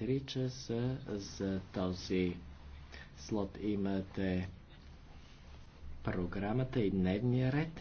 3 часа за този слот имате програмата и дневния ред.